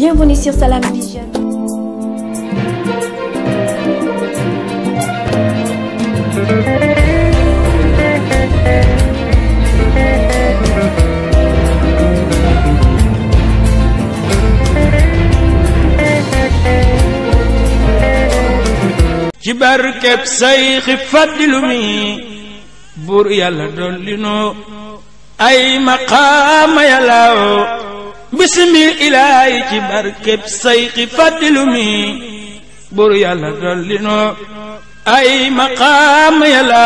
Bienvenue sur Salam Vision. ci barkeb sayxi fàddilu mi ay maqaama yàllaaw bismil ilaahi ci barkeb sayxi fàddilu mi buru yàlla dolli noo ay maqaam yàlla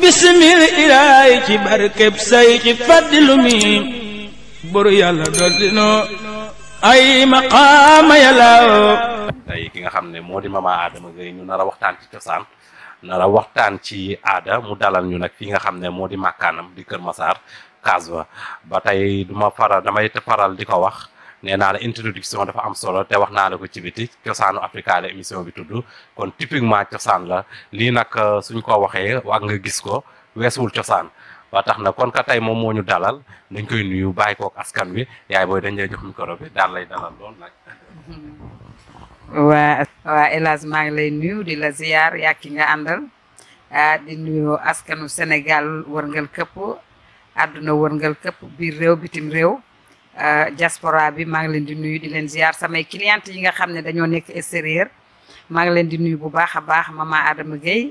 bismil ilaahi ci barkeb sayxi fàddilu mi yàlla dolli noo ay maqaam yàlla tey ki nga xam ne moo di Mama Adama Gueye ñu nar a waxtaan ci cosaan nar waxtaan ci aada mu dalal ñu nag fi nga xam ne moo di màkkaanam di Kër Masaar case ba ba tey du ma faral di ko wax nee naa la introduction dafa am solo te wax naa la ko ci biti cosaanu Africa la émission bi tudd kon typiquement cosaan la li nag euh, suñ ko waxee wax nga gis ko weesuwul cosaan ba tax na kon ka tey moom moo ñu dalal dañ koy nuyu bàyyi kook askan wi yaay booy dañ lay jox micro bi daal lay dalal lool nag. waa waa El Hadj maa ngi lay nuyu di la ziar yaa ki nga àndal ah, di nuyu askanu Sénégal wërngal këpp àdduna wërngal këpp biir réew bitim réew euh, diaspora bi maa ngi leen di nuyu di leen ziar samay cliente yi nga xam ne dañoo nekk extérieur maa ngi leen di nuyu bu baax a baax ma mama Adama géey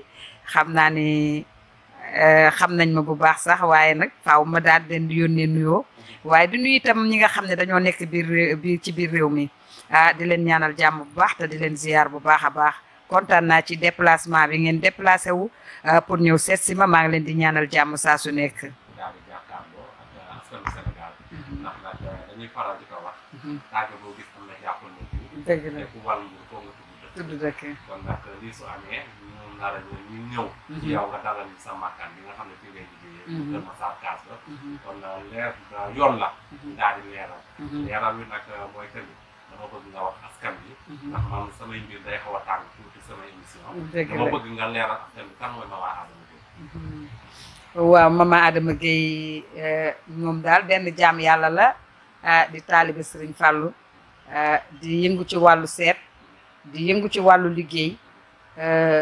xam naa ne euh, xam nañ ma bu baax sax waaye nag faaw ma daal di leen di yónnee nuyoo waaye di nuy itam ñi nga xam ne dañoo nekk biir biir ci biir réew mi ah di leen ñaanal jàmm bu baax te di leen ziar bu baax a baax kontaan naa ci déplacement bi ngeen déplacé wu euh, pour ñëw seet si ma maa ngi leen di ñaanal jàmm saa su nekk. ñuy faral di ko wax. Mhm. aajo boo gis am na jàppal na jiw. dëgg la te ku wàllu jiw foo nga tudd dëkk. kon nag lii su amee ñun dara ñu ñëw. Mhm. ci yow nga dalal ñu sa makkaan bi nga xam ne fi ngay liggéeyee. Mhm. kër Massar Kaas la. kon leer yoon la. daal di leeral. leeral wi nag uh, mooy kër gi. dama bëgg nga wax askan bi ndax man samay mbir day xaw a tàng tuuti samay émission dama bëgg nga leeral askan bi kan mooy mama Adama Gueye waaw mama Adama Gueye uh, moom daal benn jaam yàlla la Ah, di taalibe sëriñ Fàllu ah, di yëngu ci wàllu seet di yëngu ci wàllu liggéey ah,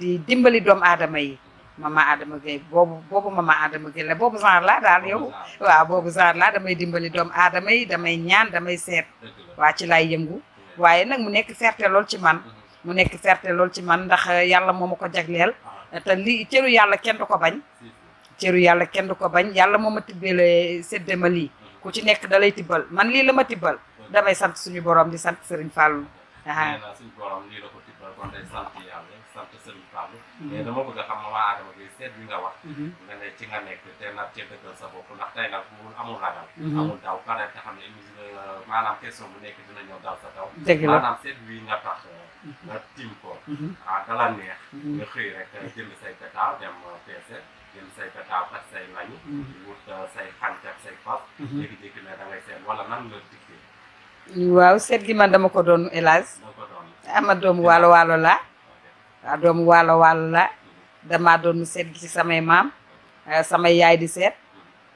di dimbali doom aadama yi mama Adama Gueye boobu boobu mama Adama Gueye la boobu genre laa daal yow waaw boobu genre laa damay dimbali doom aadama yi damay ñaan damay seet waa ci laay yëngu waaye nag mu nekk ferte lool ci man mu nekk ferte lool ci man ndax yàlla moom ma ko jagleel te li cëru yàlla kenn du ko bañ cëru yàlla kenn du ko bañ yàlla moo ma tibbale séddema lii ku ci nekk da lay tibbal man lii la ma tibbal damay sant suñu borom di sant Serigne Fallou. nee naa suñu borom lii la ko tibbal kon day sant yàlla sant Serigne Fallou. mais mhm. dama bëgg a xam waa Adama bi seet bi nga wax. Mhm. nga ne ci nga nekk te nag cee dëggal sa bopp ndax tey nag mu amul ragal. Mhm. amul daw pare nga xam ne euh, maanaam question bu nekk dina ñëw dal sa daw. dëgg la maanaam seet bii nga tax. Euh, nga ko. ah dala neex. nga xëy rek jënd say pétard dem euh, peese. Mm-hmm. Euh, mm-hmm. waaw seet gi man dama ko doon élage ama ah, doomu waalo waalo la waaw ah, doomu waalo waalo la mm-hmm. damaa doon seet gi ci samay maam ah, sama yaay di seet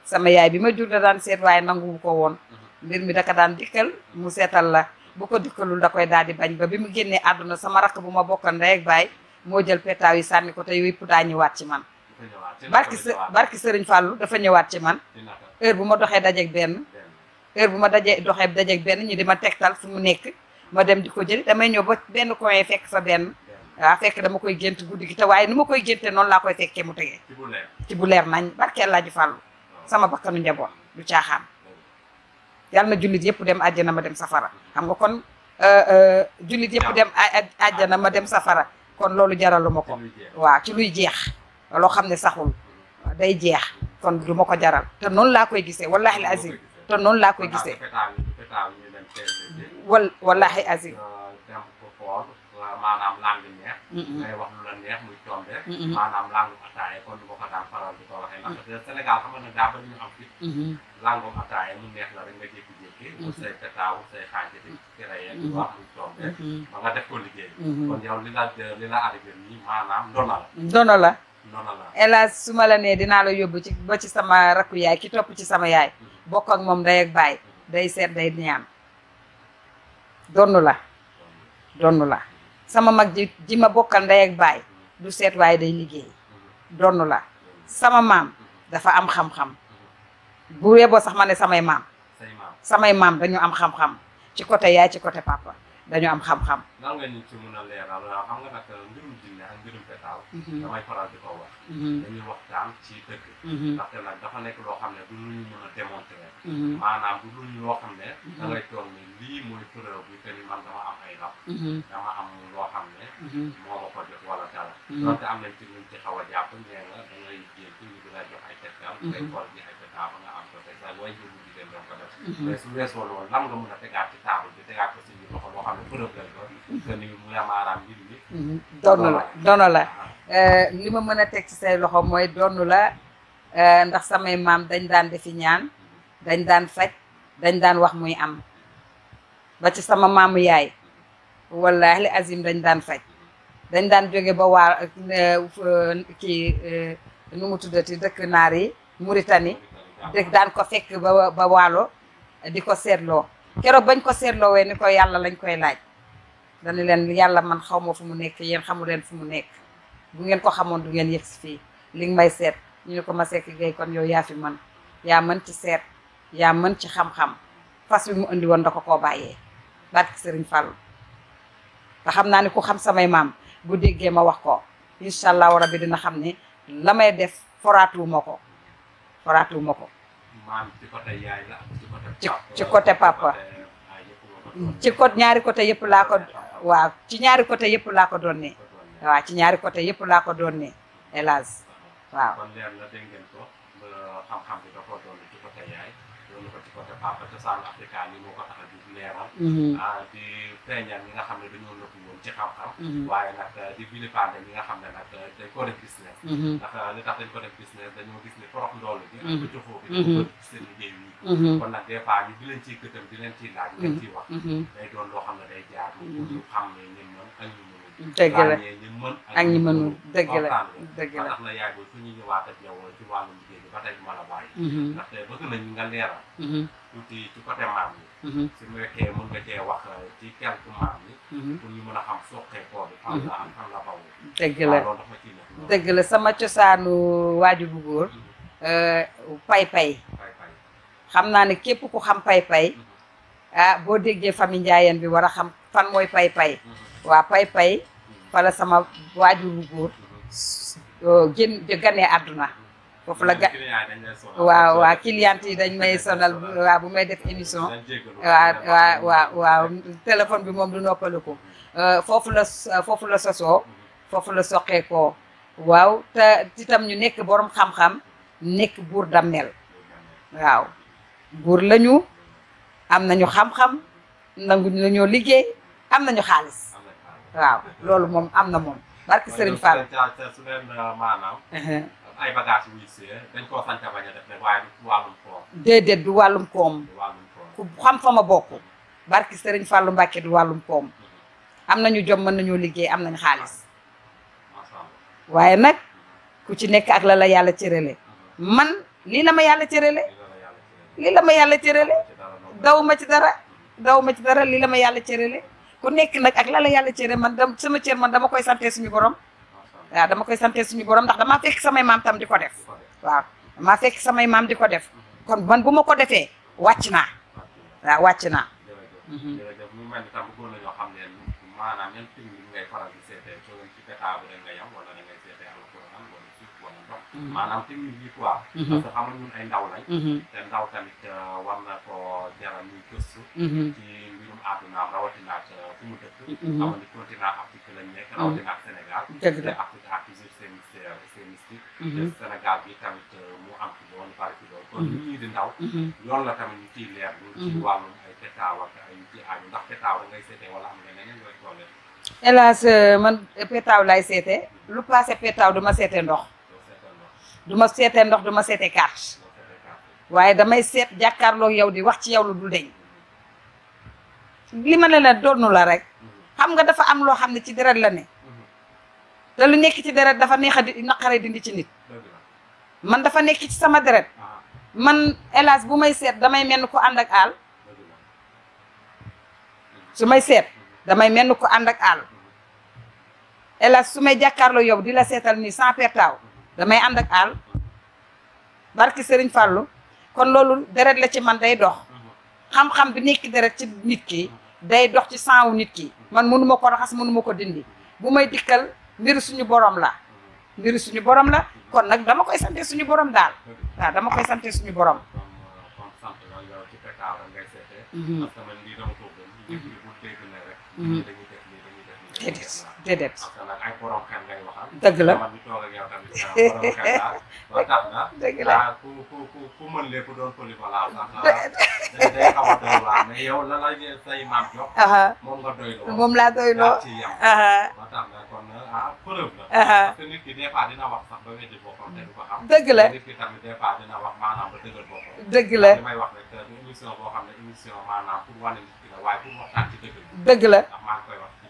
sama yaay bi ma jur da daan seet waaye nanguwu ko woon mbir mi daka daan dikkal mu seetal la bu ko dikkalul da koy daal di bañ ba bi mu génnee àdduna sama rakk bu ma bokkal ndey ak baay moo jël petaaw yi sànni ko te yëpp daa ñëwaat ci man barki barki sëriñ Fallou dafa ñëwaat ci man heure bu ma doxee dajeeg benn heure bu ma dajee doxee dajeeg benn ñu di ma tegtal fu mu nekk ma dem di ko jëli damay ñëw ba benn coin fekk sa benn waaw fekk dama koy gént guddi gi te waaye ni ma koy génte noonu laa koy fekkee mu tegee ci bu leer nañ barkeel laa ji Fallou sama bakkanu njaboot du caaxaan yàlla na jullit yëpp dem àjjana ma dem safara xam nga kon euh, euh, jullit yëpp dem àjjana ma dem safara kon loolu jaraluma ko waaw ci loo xam ne saxul day jeex kon du ko jaral te noonu laa koy gisee wallahi azim te noonu laa koy gisee wal wallahi azim maanaam langue neex. ngay wax lu neex muy tombe. Mm-hmm. maanaam mm-hmm. langue mm-hmm. ataaya kon du ma ko daan faral di ko waxee. ndax Sénégal xam nga daa bëri neex la rek mu say petaaw say xaajate di créé muy tombe. ba nga la. hélas su ma la nee dinaa la yóbbu ci ba ci sama rakku yaay ki topp ci sama yaay mm-hmm. bokk ak moom day baay mm-hmm. day seet day ñaan donn la mm-hmm. donn la sama mag ji ma bokkal ndey ak baay du seet waaye day liggéey donn la sama maam dafa am xam-xam bu boo sax ma ne samay maam samay maam dañu am xam-xam ci côté yaay ci côté papa dañu am xam-xam. waxtaan. Mhm. damay faral di ko wax. Mhm. dañuy waxtaan ci dëgg. Mhm. ndaxte nag dafa nekk loo xam ne du lu mën a démontrer. maanaam du lu ñu loo xam ne. da ngay toog ne lii mooy preuve bi que ni man dama am ay rab. dama am loo xam ne. moo ma ko jox wala dara. donte am nañ ci luñ ci xaw a jàpp nee nga da ngay jéem ci ñu la jox ay tegtal. ngay xool ji ay tegtal nga am ko teg sax Mm-hmm. su la maaraam mm-hmm. la doonu eh, li ma mën a teg ci say loxo mooy donnu la eh, ndax samay maam dañ daan defi ñaan dañ daan faj dañ daan wax muy am ba ci sama maamu yaay wallaahi li azim dañ daan faj dañ daan jóge ba waar kii eh, nu mu tuddati dëkk naar yi Mauritanie dëkk daan ko fekk ba ba waalo di ko seetloo keroog bañ ko seetloo wee ni ko yàlla lañ koy laaj dañu leen yàlla man xaw ma fu mu nekk yéen xamu leen fu mu nekk bu ngeen ko xamoon du ngeen yëg si fii li may seet ñu ne ko ma sekk gay kon yow yaa fi mën yaa mën ci seet yaa mën ci xam-xam fas bi mu indi woon da ko koo bàyyee barke Sëriñ Fall te xam naa ne ku xam samay maam bu déggee ma wax ko incha allahu rabbi dina xam ni la may def foraatuwuma ko foraatuwuma ko ci ci côté papa ci ñaari côté yëpp laa ko waaw ci ñaari côté yëpp laa ko doon nii waaw ci ñaari côté yëpp laa ko doon nii hélas waaw kon la dégg ngeen ko xam-xam bi da koo doon ci côté yaay doon ko ci yi mhm. ah, nga xam ne dañoo nëbbu woon ci xam-xam mhm. waaye nag ah, di vilipande nga xam ne nag ah, mhm. dañ ko def business dañ ko gis ni forox ndoll Mm-hmm. kon nag des fois ñu di leen ciy gëtëm di ciy laaj di mm-hmm. Mm-hmm. loo xam ne day jaar ñu xam ne ñun dëgg la ñu mën ak ñu mënul dëgg la dëgg la na yaay ñu ñëwaat ak yow ci wàllu liggéey bi ba la bàyyi ndax tey bëgg nañ nga leeral tuuti ci côté cee wax euh, ci quelque maam yi pour ñu mën a xam soqee koo bi fan la la bawoo dëgg la loolu dafa sama cosaanu waaju bu góor euh, pay pay xam naa ne képp ku xam pay-pay mhm. ah, boo déggee famille njaayeen bi war a xam fan mooy pay-pay mhm. waa pay-pay mhm. fala sama waajur bu góor génn ganee àdduna foofu la ga waaw waaw yi dañ may sonal bu may def émission waaw téléphone bi moom du noppaliku euh, foofu la sosoo foofu la soqee koo waaw te itam ñu nekk borom xam-xam nekk buur dammel waaw góor lañu am nañu xam-xam nanguñu nañoo liggéey am nañu xaalis waaw loolu moom am na moom barki Serigne Fall su leen euh, uh-huh. du wàllum koom xam fa ma bokk barki Serigne Fallou Mbacke du wàllum koom mm-hmm. am nañu jom mën nañoo liggéey am nañu xaalis waaye nag ku ci nekk ak la la yàlla cërale mm-hmm. man lii la ma yàlla cërale lii la ma yàlla cërale daw ma ci dara daw ma ci dara lii la ma yàlla cërale ku nekk nag ak la la yàlla cëre man dam sama cër man dama koy sante suñu borom waaw dama koy sante suñu borom ndax damaa fekk samay maam tam di ko def waaw damaa fekk samay maam di ko def kon man bu ma ko defee wàcc naa waaw wàcc naa maanaam technique yi quoi. parce que xam nga ay ndaw lañ. te ndaw tamit war na koo jaral muy gëstu. ci mbirum àddunaam rawatina ak fu mu dëkk. xam nga ni continent Afrique lañ nekk. rawatina Sénégal. la te Afrique a toujours seen seen Sénégal bi tamit mu am ci loolu bari ci loolu. kon ñun ñii di ndaw. loolu la tamit ñu leer. ñu ci wàllum ay petaaw ay ci aaju ndax petaaw da ngay seetee wala am nga leneen looy tollee. hélas man petaaw laay seete lu passé petaaw dama seete ndox. du ma seetee ndox du ma seetee carte waaye damay seet jàkkaarloog yow di wax ci yow lu dul deñ li ma ne la doonu la rek xam nga dafa am loo xam ne ci deret la ne te lu nekk ci deret dafa neex a di naqare dindi ci nit man dafa nekk ci sama deret man hélas bu may seet damay mel ko ànd ak àll su may seet damay mel ko ànd ak àll hélas su may jàkkaarloo yow di la seetal nii sans pertaaw damay ànd ak àll barki Serigne Fallou kon loolu deret la ci man day dox xam-xam bi nekk deret ci nit ki day dox ci sangu nit ki man mënuma ma ko raxas mënu ko dindi bu may dikkal mbiru suñu borom la mbiru suñu borom la kon nag dama koy sante suñu borom daal dama koy sante suñu borom déedéet déedéet. parce que nag dëgg la man mi yow na dëgg la ah, ku ku ku ku mën laa sax ah. day a la la say maam jox. moom nga na kon ah preuve dëgg la dëgg la. dëgg la.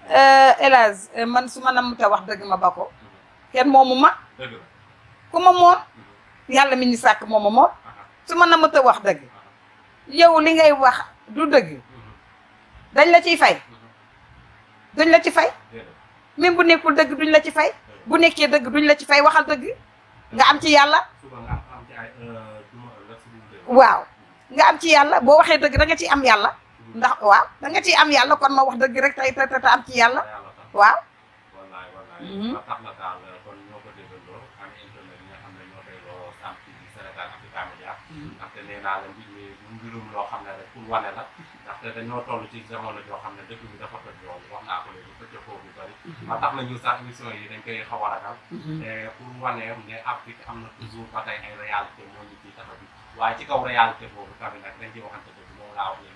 Eh, Elage eh, man su ma namm wax dëgg ma ba ko kenn moomu ma ku ma moom yàlla mi ñu sàkk mooma moom su ma namm wax dëgg yow li ngay wax du dëgg dañ la ciy fay duñ la ci fay même bu nekkul dëgg duñ la ci fay bu nekkee dëgg duñ la ci fay waxal dëgg nga am ci yàlla euh, waaw nga am ci yàlla boo waxee dëgg da nga ci am yàlla ndax waaw da nga ciy am yàlla kon ma wax dëgg rek tey te te am ci yàlla waaw. Ah. Mhm. ndaxte nee naa la mbir mi mbirum loo xam ne rek pour wane la ndaxte dañoo toll ci jamono joo xam ne dëkk bi dafa toj lool wax naa ko léegi pëcc foofu bu bëri mhm. ba tax na ñu sax émission yi dañ koy xaw a ragal mhm. eh, pour wane ne Afrique am na toujours ba tey ay réalité moo ñu tax a bi waaye ci kaw réalité boobu tamit nag dañ ciy waxante dëgg moom laa wax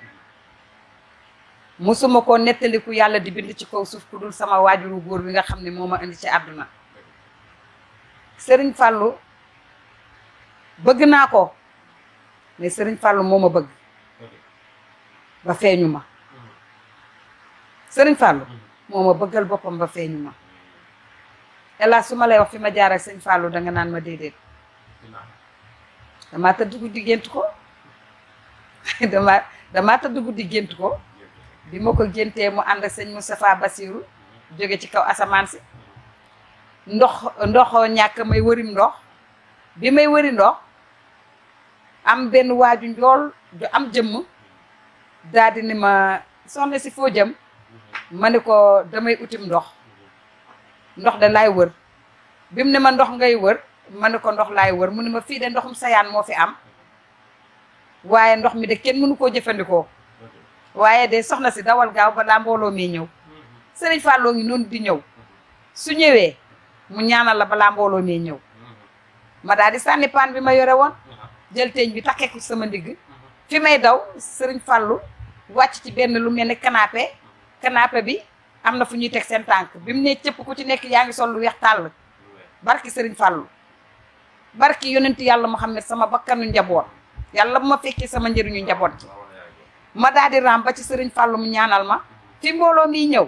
musuma koo nettaliku yàlla di bind ci kaw suuf ku dul sama waajuru góor bi nga xam ne moo ma indi ci àdduna sëriñ fàllu bëgg naa ko mais sëriñ fàllu moo ma bëgg ba feeñu ma sëriñ fàllu moo bëggal boppam ba feeñu ma hélas su ma lay wax fi ma jaar ak sëriñ fàllu danga naan ma déedéet damaa tëdd guddi gént ko dama damaa tëdd guddi gént ko bi ma ko géntee mu ànd ak sa Moustapha Bassirou jóge ci kaw asamaan si ndox ndox ñàkk may wërim ndox bi may wëri ndox am benn waaju njool du am jëmm daldi ni ma soxna si foo jëm ma ni ko damay utim ndox ndox da laay wër bi mu ne ma ndox ngay wër ma ni ko ndox laay wër mu ne ma fii de ndoxum sayaan moo fi am waaye ndox mi de kenn mënu koo jëfandikoo waaye de soxna si dawal gaaw balaa mbooloo mi ñëw sëriñ fàlloo ngi noonu di ñëw su ñëwee mu ñaanal la balaa mbooloo mi ñëw ma daal sànni paan bi ma yore woon jël teeñ bi takkee ko sama ndigg fi may daw sëriñ fàllu wàcc ci benn lu mel ne canapé canapé bi am na fu ñuy teg seen tànk bi mu ne cëpp ku ci nekk yaa ngi sol lu weex tàll barki sëriñ Fallou barki yonent yàlla xam ne sama bakkanu njaboot yàlla bu ma fekkee sama njariñu njaboot gi ma daal raam ba ci sëriñ Fàllu mu ñaanal ma fi mbooloo miy ñëw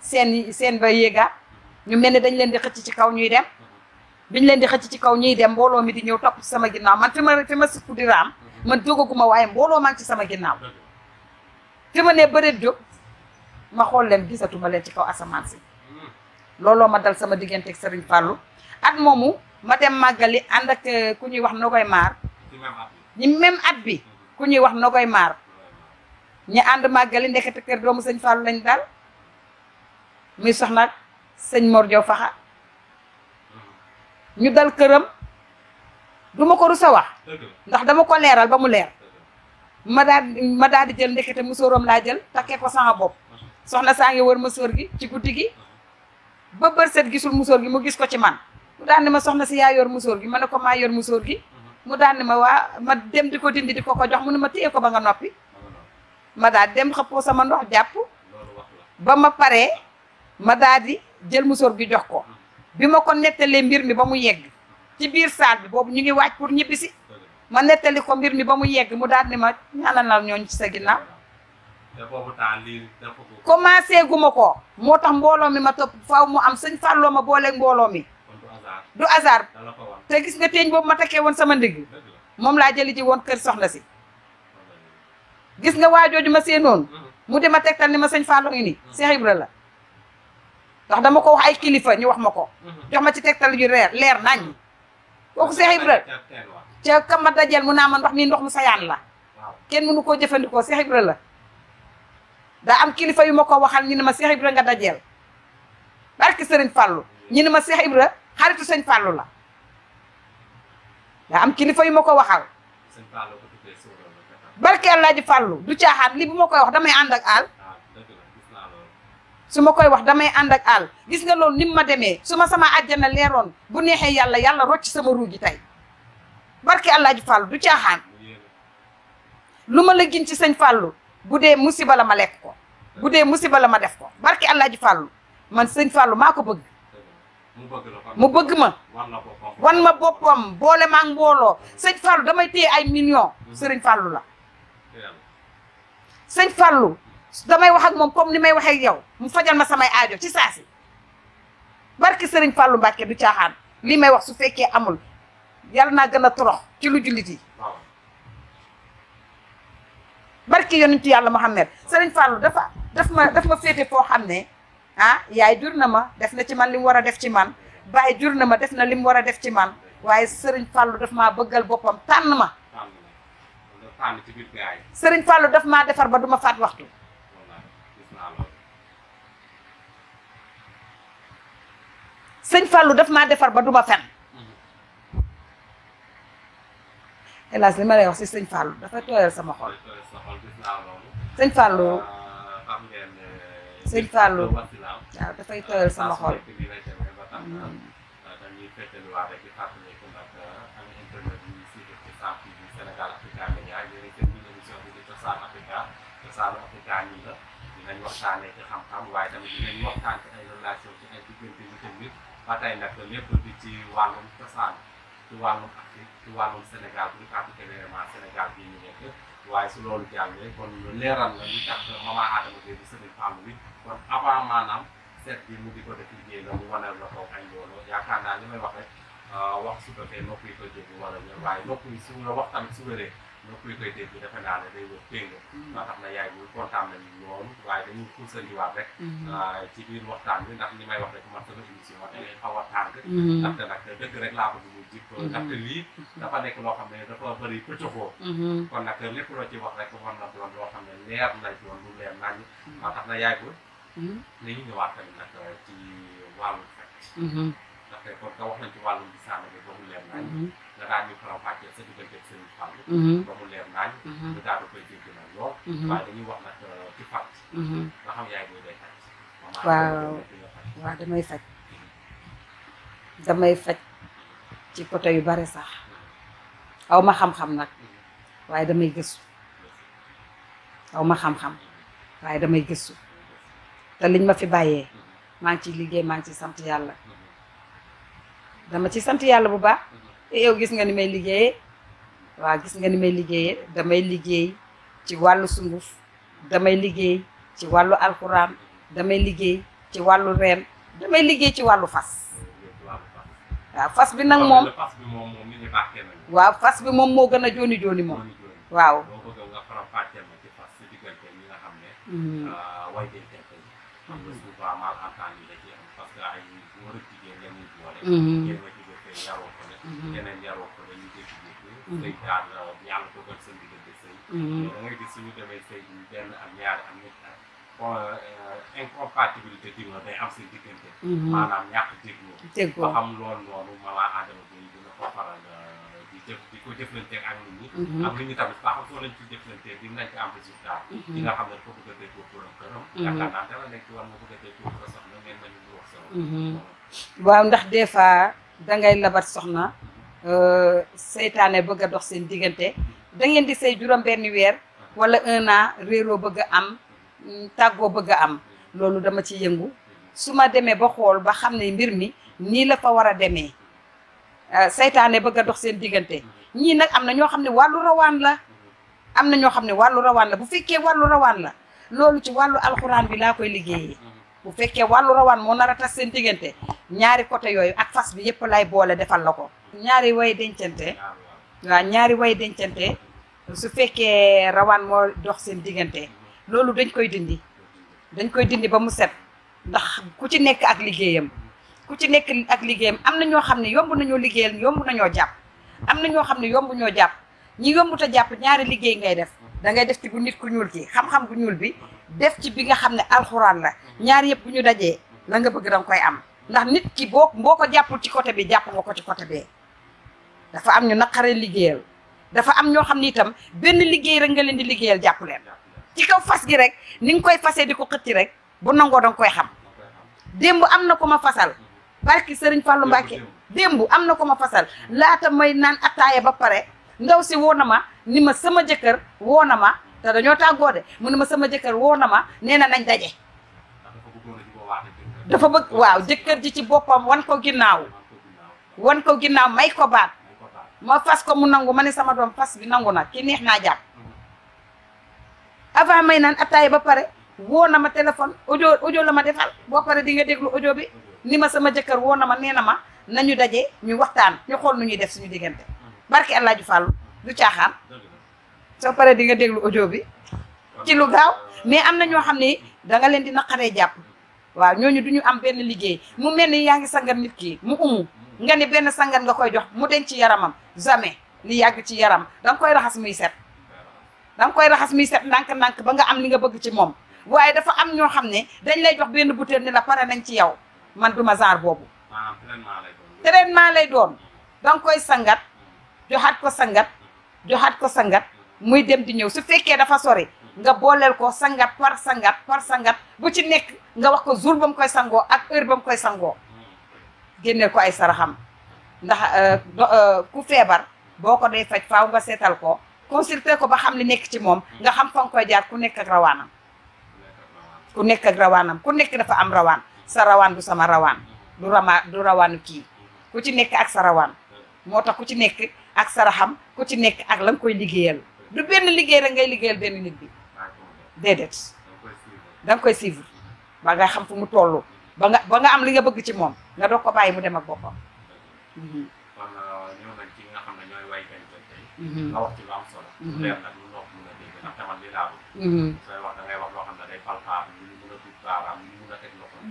seen seen ba yéegaat ñu mel ni dañ leen di xëcc ci kaw ñuy dem biñ leen di xëcc ci kaw ñuy dem mbooloo mi di ñëw topp sama ginnaaw man fi ma fi ma sikku di raam ma jógaguma waaye mbooloo maa ngi ci sama ginnaaw fi ma nee bëreet jóg ma xool leen gisatuma leen ci kaw asamaan si looloo ma dal sama digganteek sëriñ Fàllu at moomu ma dem màggali ànd ak eh, ku ñuy wax Nogoy Maar ñi même at bi ku ñuy wax Nogoy Maar ñu ànd màggali ndekete kër doomu sëñ Fallou lañ daal muy soxna sëñ Mor Diop Faxa ñu dal këram duma ma ko rusa ndax dama ko leeral ba mu leer ma daal ma daal di jël ndekete musóoram laa jël takkee ko sama bopp soxna saa ngi wër musóor gi ci guddi gi ba bër set gisul musóor gi mu gis ko ci man mu daan ne ma soxna si yaay yoor musóor gi ma ne ko maa yor musóor gi mu daan ne ma waa ma dem di ko dindi di ko ko jox mu ne ma téye ko ba nga noppi ma daal dem xëppoo sama ndox jàpp ba ma paree ma daal di jël musóor gi jox ko bi ma ko nettalee mbir mi ba mu yegg ci biir saal bi boobu ñu ngi waaj pour ñibbisi ma nettali ko mbir mi ba mu yegg mu daal di ma ñaanal ñooñ ci sa ginnaaw. commencé gu ma ko moo tax mbooloo mi ma topp faw mu am sëñ fàlloo ma booleeg mbooloo mi du hasard te gis nga teeñ boobu ma takkee woon sama ndigg moom laa jëli ji woon kër soxna si gis nga waajooju ma seenoon mm-hmm. mu dem a tegtal ni ma sëñ Fallou ngi nii Cheikh Ibra la ndax dama ko wax ay kilifa ñu wax ma ko mm-hmm. jox ma ci tegtal yu leer leer nañ kooku Cheikh Ibra ca kam ma dajeel mu naa ma ndox mi ndox mu sayaan la kenn mënu koo jëfandikoo Cheikh Ibra la daa am kilifa yu ma ko waxal ñu ne ma Cheikh Ibra nga dajeel barki sëriñ Fallou ñu ne ma Cheikh Ibra xaritu sëñ Fallou la daa am kilifa yu ma ko waxal barke Alaaji Fàllu du caaxaan lii bu ma koy wax damay ànd ak àll ah, su ma koy wax damay ànd ak àll gis nga loolu nim ma demee su ma sama àjjana leeroon bu neexee yàlla yàlla rocc sama ruugi tey barke Alaaji Fàllu du caaxaan lu ma la gin ci sëñ Fàllu bu dee musiba la ma lekk ko bu dee musiba la ma def ko barke Alaaji Fàllu man sëñ Fàllu maa ko bëgg mu bëgg ma wan ma boppam boole maa ngi mbooloo sëñ Fàllu damay téye ay million mm-hmm. sëriñ Fàllu la sëñ Fallou damay wax ak moom comme li may waxee ak yow mu fajal ma samay aajo ci saasi barki sëriñ fàllu Mbacke du caaxaan lii may wax su fekkee amul yàlla naa gën a torox ci lu jullit yi barki yonentu yàlla Muhammad sëriñ Fallou dafa daf ma daf ma féete foo xam ne ah yaay jur na ma def na ci man li war a def ci man baay jur na ma def na li mu war a def ci man waaye sëriñ Fallou daf maa bëggal boppam tànn ma tànn ci biir gaay maa defar ba duma faat waxtu. sëñ Fallou daf maa defar ba duma fen hélas li ma lay wax si sëñ Fallou dafa tooyal sama xol sëñ Fallou sëñ Fallou waaw dafay tooyal sama xol waxtaan yi la dinañ waxtaanee ci xam-xam waaye tamit dinañ waxtaan ci ay relation ci ay diggante yu tamit ba tey nag lépp di ci wàllum cosaan ci wàllum Afrique ci wàllum Sénégal bu particulièrement Sénégal bii ñu nekk waaye su loolu jàllee kon leeral la ñu tax maman Adama Gueye di Serigne Fallou bi kon avant maanaam seet bi mu di ko def liggéey la mu wanal la ko ay yooloo yaakaar naa li may wax rek wax su ko fee noppi ko jóg wala ñor waaye noppi su nga wax su boo koy koy dégg defe naa ne day wër pénga nga xam ne yaay bu kontaan nañu loolu waaye dañu puusandiwaat rek ci biir waxtaan bi ndax li may wax rek man sama émission day xaw a tàng ndaxte nag dëgg rek laa bëgg mu jib ndaxte lii dafa nekk loo xam ne dafa bëri pëccoxoo kon nag lépp loo ci wax rek war na doon loo xam ne leer na doon lu leer nañ maa tax na yaay bu nañu ñëwaat tamit nag ci wàllu fekk ndaxte kon ka wax nañ ci wàllu gisaana bi ba mu leer nañ nga daan ñu faram fàccee sa digg waxu mm-hmm. leer mm-hmm. mm-hmm. euh, waaw waaw damay faj damay faj ci côté yu bari sax aw ma xam-xam nag waaye damay gëstu aw ma xam-xam waaye damay gëstu te liñ ma fi bàyyee maa ngi ciy liggéey maa ngi sant yàlla dama ci sant yàlla bu baax te eh, yow gis nga ni may liggéeyee waaw gis nga ni may liggéeyee damay liggéey ci wàllu sunguf damay liggéey ci wàllu alxuraan damay liggéey ci wàllu reen damay liggéey ci wàllu fas fas bi nag moom waaw fas bi moom moo gën a jooni jooni moom sëy daan yàlla dogal sa diggante sëy da ngay gis suñu demee sëy ñu benn ak ñaari ak ñett ak incompatibilité dina day am seen diggante maanaam ñàkk dégloo ba xam loolu noonu mamaa adama bi dina ko faral uh, di jëf di ko jëflanteeg ak nit ñi mm-hmm. ak nit ñi tamit baaxam soo lañ ci jëflanteeg di nañ ci am résultat yi mm-hmm. nga xam ne ko bëgg a déggoo borom këram mm-hmm. yaakaar naa dara nekk war nga bëgg a déggoo borom soxna ngeen nañu lu wax sa waaw ndax des fois dangay labat soxna Euh, seytaane bëgg a dox seen diggante da ngeen di sey juróom benn weer wala un an réeroo bëgg a am mm, tàggoo bëgg a am loolu dama ci yëngu su ma demee ba xool ba xam ne mbir mi nii la fa war a demee euh, seytaane bëgg a dox seen diggante ñii nag am na ñoo xam ne wàllu rawaan la am na ñoo xam ne wàllu rawaan la bu fekkee wàllu rawaan la loolu ci wàllu alxuraan bi laa koy liggéeyee bu fekkee wàllu rawaan moo nar a seen diggante ñaari côté yooyu ak fas bi yëpp lay boole defal la ko. ñaari way dencante waa ñaari way dencante su fekkee rawaan moo dox seen diggante loolu dañ koy dindi dañ koy dindi ba mu set ndax ku ci nekk ak liggéeyam ku ci nekk ak liggéeyam am na ñoo xam ne yomb nañoo liggéeyal yomb nañoo jàpp am na ñoo xam ne yomb ñoo jàpp ñi yombut a jàpp ñaari liggéey ngay def da ngay def ci bu nit ku ñuul ki xam-xam bu ñuul bi. def ci bi nga xam ne alxuraan la ñaar yëpp bu ñu dajee la nga bëgg danga koy am ndax nit ki boo mboo ko jàppul ci côté bi jàpp nga ko ci côté bee dafa am ñu naqare liggéeyal dafa am ñoo xam ne itam benn liggéey rek nga leen di liggéeyal jàpp leen ci kaw fas gi rek ni nga koy fasee di ko xëcc rek bu nangoo danga koy xam démb am na ko ma fasal barki Serigne Fallou Mbacke démb am na ko ma fasal laata may naan attaaya ba pare ndaw si woo na ma ni ma sama jëkkër woo na ma te dañoo tàggoo de mu ne ma sama jëkkër woo na ma nee na nañ daje. dafa bëgg waaw jëkkër ji ci boppam wan ko ginnaaw wan ko ginnaaw may ko baat ma fas ko mu nangu ma ne sama doom fas bi nangu na neex naa jàpp. avant may naan attaay ba pare woo na ma téléphone audio audio la ma defal boo pare di nga déglu audio bi ni ma sama jëkkër woo na ma nee na ma nañu daje ñu waxtaan ñu xool nu ñuy def suñu diggante barke El Hadj Fallou du caaxaan. soo paree di nga déglu audio bi ci lu gaaw mais am na ñoo xam ni da leen di naqaree jàpp waaw ñooñu du ñu am benn liggéey mu mel ni yaa ngi sangat nit ki mu umu nga ne benn sangat nga koy jox mu denc ci yaramam jamais li yàgg ci yaram da koy raxas muy set da nga koy raxas muy set ndànk-ndànk ba nga am li nga bëgg ci moom waaye dafa am ñoo xam ne dañ lay jox benn butéel ni la pare nañ ci yow man du ma genre boobu traitement lay doon da nga koy sangat joxaat ko sangat joxaat ko sangat muy dem di ñëw su fekkee dafa sori nga booleel ko sangat par sangat par sangat bu ci nekk nga wax ko jour ba koy sangoo ak heure ba mu koy sangoo génneel ko ay saraxam ndax euh, euh, ku feebar boo ko day faj faaw nga seetal ko consulter ko ba xam li nekk ci moom nga xam fa nga koy jaar ku nekk ak rawaanam ku nekk ak rawaanam ku nekk dafa am rawaan sa rawaan du sama rawaan du rama du rawaanu kii ku ci nekk ak sa rawaan moo tax ku ci nekk ak saraxam ku ci nekk ak la nga koy liggéeyal du benn liggéey rek ngay liggéeyal benn nit bi déedéet da koy suivre ba nga xam fu mu toll ba nga am li nga bëgg ci moom nga doog ko bàyyi mu dem ak boppam. Mhm. kon euh, xam ne ñooy waykat yi tey. Mhm. nga mhm. a dégg ndax tamit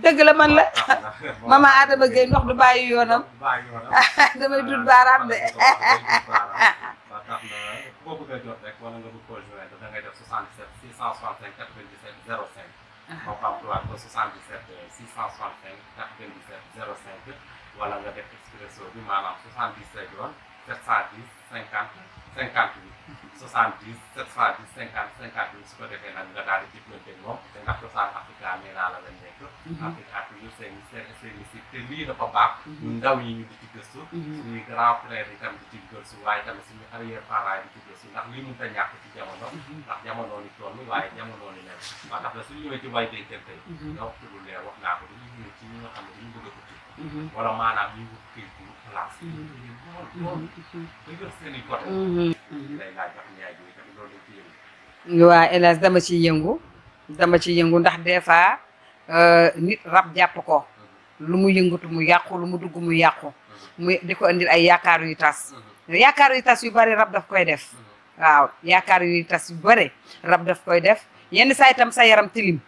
da dëgg la man la ah, mama Adama Gueye ndox du bàyyi yoonam. damay tudd baaraam de. boo bëgg a jot rek wala nga bëgg ko joindre da ngay def 77 665 97 05. moo fàttaliwaat ko 77 665 97 05 wala nga def expresso bi maanaam 77 yoon. sept cent dix cinquante cinquante huit soixante dix sept cent dix cinquante cinquante huit su ko defee nag nga daal di jëflante moom te ndax cosaan Africa nee naa la lañ nekk Africa toujours seen seen seen site te lii dafa baax ñu ndaw yi ñu di ci gëstu suñuy grand frère yi tam di ci gëstu waaye tamit suñu arrière parents yi di ci gëstu ndax lii mënut a ñàkk ci jamono ndax jamono ni toll waaye jamono ni nekk maa tax la suñu ñëwee ci way dénkante nga wax ci lu leer wax naa ko dañuy ñëw ci ñi nga xam ne dañu bëgg a tukki wala maanaam ñuy wut kii waa hélas dama ci yëngu dama ci yëngu ndax des fois euh, nit rab jàpp ko lu mu yëngatu mu yàqu lu mu dugg mu yàqu mu di ko indil ay yaakaar yu tas yaakaar yu tas yu bëri rab daf koy def yaakaar yu tas yu bëri rab daf koy def yenn saa itam sa yaram tilim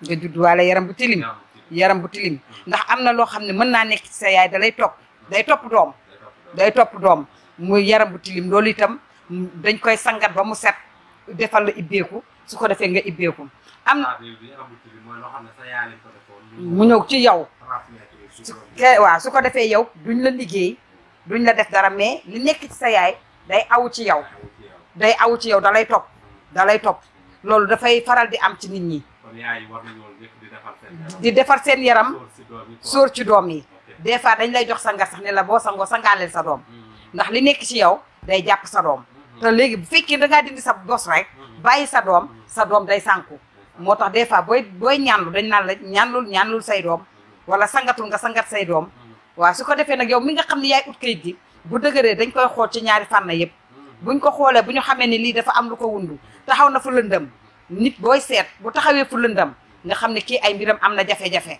nga judd waale yaram bu tilim yaram bu tilim ndax am na loo xam ne mën naa nekk ci sa yaay da lay topp day topp doom day topp doom muy yaram bu tilim loolu itam dañ koy sangat ba mu set defal la ibbeeku su ko defee nga ibbeeku am na mu ñëw ci yow waa su ko defee yow duñ la liggéey duñ la def dara mais li nekk ci sa yaay day aw ci yow day aw ci yow dalay topp dalay topp loolu dafay faral di am ci nit ñi di defar seen yaram sóor ci doom yi des fois dañ lay jox sanga sax ne la boo sangoo sangaaleel sa doom ndax li nekk ci yow day jàpp sa doom te léegi bu fekkee da ngaa dindi sa bos rek bàyyi sa doom sa doom day sànku moo tax des fois booy booy ñaanlu dañ naan la ñaanlul ñaanlul say doom wala sangatul nga sangat say doom waaw su ko defee nag yow mi nga xam ne yaay ut kayit gi bu dëgëree dañ koy xool ci ñaari fànn yëpp buñ ko xoolee bu ñu xamee ne lii dafa am lu ko wundu taxaw na fu lëndëm nit booy seet bu taxawee fu lëndëm nga xam ne kii ay mbiram am na jafe-jafe